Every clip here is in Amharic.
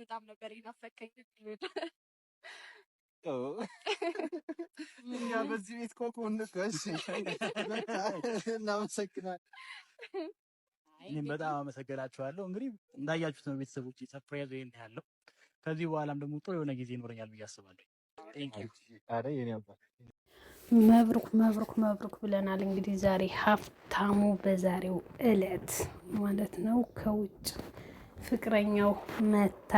በጣም ነበር ይናፈቀኝ። እኛ በዚህ ቤት ኮኮ እንቀሽ እናመሰግናለን። እኔም በጣም አመሰግናችኋለሁ። እንግዲህ እንዳያችሁት ነው ቤተሰቦች፣ ሰርፕራይዝ ወይ ያለው ከዚህ በኋላም ደግሞ ጥሩ የሆነ ጊዜ ይኖረኛል ብዬ አስባለሁ። መብሩክ መብሩክ መብሩክ ብለናል። እንግዲህ ዛሬ ሀብታሙ በዛሬው እለት ማለት ነው ከውጭ ፍቅረኛው መታ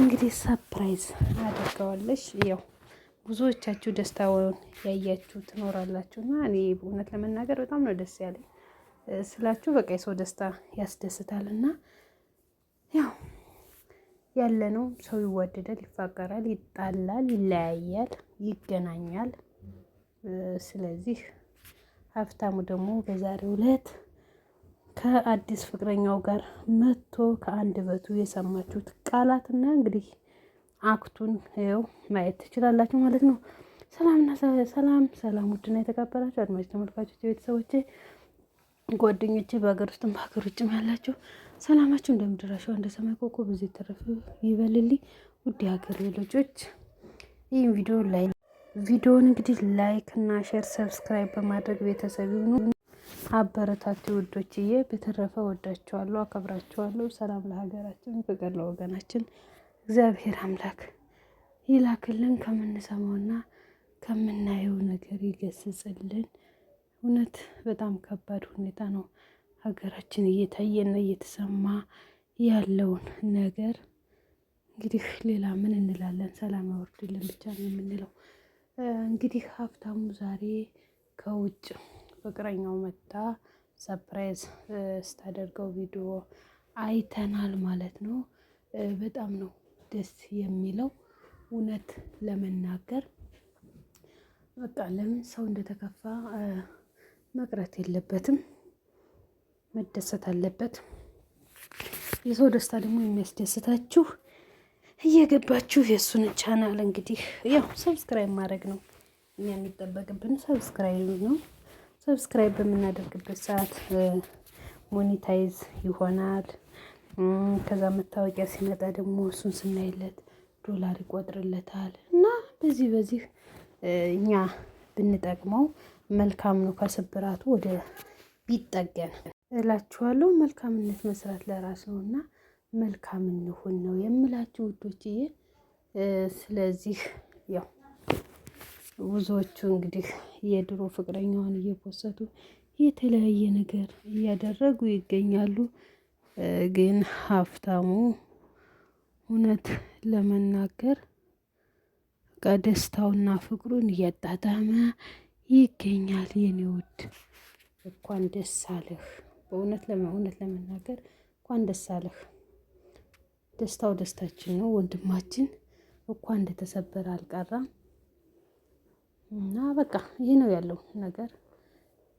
እንግዲህ ሰፕራይዝ አድርገዋለች። ያው ብዙዎቻችሁ ደስታውን ያያችሁ ትኖራላችሁ እና እኔ እውነት ለመናገር በጣም ነው ደስ ያለኝ ስላችሁ በቃ የሰው ደስታ ያስደስታል እና ያው ያለ ነው። ሰው ይዋደዳል፣ ይፋቀራል፣ ይጣላል፣ ይለያያል፣ ይገናኛል። ስለዚህ ሀብታሙ ደግሞ በዛሬው ዕለት ከአዲስ ፍቅረኛው ጋር መጥቶ ከአንድ በቱ የሰማችሁት ቃላትና እንግዲህ አክቱን ው ማየት ትችላላችሁ ማለት ነው። ሰላምና ሰላም ሰላም፣ ውድና የተከበራችሁ አድማጭ ተመልካቾች፣ ቤተሰቦቼ፣ ጓደኞቼ በሀገር ውስጥም በሀገር ውጭም ያላችሁ ሰላማችሁ እንደ ምድር አሸዋ እንደ ሰማይ ኮከብ ብዙ የተረፈ ይበልልኝ። ውድ የሀገር ልጆች ይህን ቪዲዮ ላይ ቪዲዮውን እንግዲህ ላይክ እና ሼር ሰብስክራይብ በማድረግ ቤተሰብ ይሁኑ። አበረታቱ ውዶችዬ። በተረፈ ወዳችኋለሁ፣ አከብራችኋለሁ። ሰላም ለሀገራችን፣ ፍቅር ለወገናችን እግዚአብሔር አምላክ ይላክልን። ከምንሰማውና ከምናየው ነገር ይገስጽልን። እውነት በጣም ከባድ ሁኔታ ነው ሀገራችን እየታየና እየተሰማ ያለውን ነገር እንግዲህ ሌላ ምን እንላለን? ሰላም ያወርድልን ብቻ ነው የምንለው። እንግዲህ ሀብታሙ ዛሬ ከውጭ ፍቅረኛው መታ ሰፕራይዝ ስታደርገው ቪዲዮ አይተናል ማለት ነው። በጣም ነው ደስ የሚለው እውነት ለመናገር በቃ ለምን ሰው እንደተከፋ መቅረት የለበትም፣ መደሰት አለበት። የሰው ደስታ ደግሞ የሚያስደስታችሁ እየገባችሁ የእሱን ቻናል እንግዲህ ያው ሰብስክራይብ ማድረግ ነው እኛ የሚጠበቅብን፣ ሰብስክራይብ ነው። ሰብስክራይብ በምናደርግበት ሰዓት ሞኔታይዝ ይሆናል። ከዛ መታወቂያ ሲመጣ ደግሞ እሱን ስናይለት ዶላር ይቆጥርለታል። እና በዚህ በዚህ እኛ ብንጠቅመው መልካም ነው። ከስብራቱ ወደ ቢጠገን እላችኋለሁ። መልካምነት መስራት ለራስ ነው እና መልካም እንሁን ነው የምላችሁ ውዶችዬ። ስለዚህ ያው ብዙዎቹ እንግዲህ የድሮ ፍቅረኛዋን እየፖሰቱ የተለያየ ነገር እያደረጉ ይገኛሉ። ግን ሀብታሙ እውነት ለመናገር በቃ ደስታውና ፍቅሩን እያጣጣመ ይገኛል። የኔ ውድ እንኳን ደስ አለህ። በእውነት እውነት ለመናገር እንኳን ደስ አለህ። ደስታው ደስታችን ነው ወንድማችን። እንኳን እንደተሰበረ አልቀራም። እና በቃ ይህ ነው ያለው ነገር።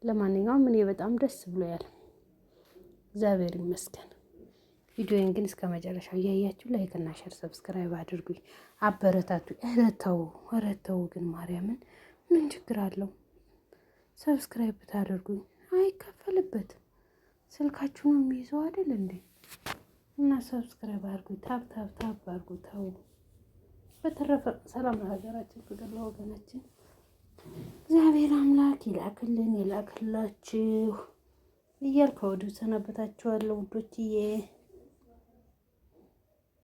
ለማንኛውም እኔ በጣም ደስ ያል እግዚአብሔር ይመስገን። ቪዲዮን ግን እስከ መጨረሻው እያያችሁ ላይክ እና ሸር ሰብስክራይብ አድርጉኝ፣ አበረታቱ። ኧረ እረተው ግን ማርያምን፣ ምን ችግር አለው ሰብስክራይብ ብታደርጉኝ? አይከፈልበትም። ስልካችሁን የሚይዘው አይደል እንዴ? እና ሰብስክራይብ አድርጉኝ፣ ታብ ታብ ታብ አድርጉ። ተው። በተረፈ ሰላም ለሀገራችን፣ ፍቅር ለወገናችን እግዚአብሔር አምላክ ይላክልን ይላክላችሁ እያልኩ ከወዲሁ ሰናበታችኋለሁ ውዶችዬ።